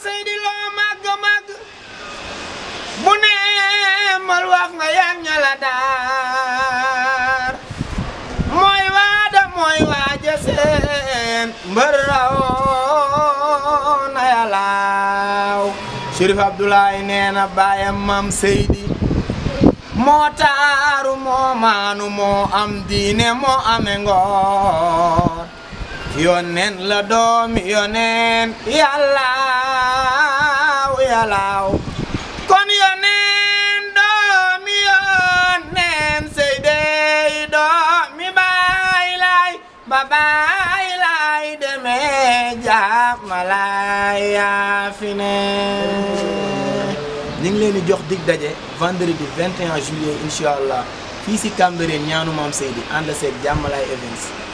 Seydi loo màgg màgg bu nee mal waaf nga yàgg ña la daar mooy waada mooy waaja seen mbër rawoon na yàllaaw Chérif Abdoulaye nee na baayam maam Seydi moo taaru moo maanu moo am diine moo ame ngoor yoneen la doomi yoneen yàlla ya laaw kon yoneen doomi yoneen sey dey doomi baay laay ba baay laay demee jaab ma laay yaa fi ne leen di jox dig daje vendredi 21 juillet incha allah fii si Cambérène ñaanu maam Seydi ànd seeg Diamalaye Events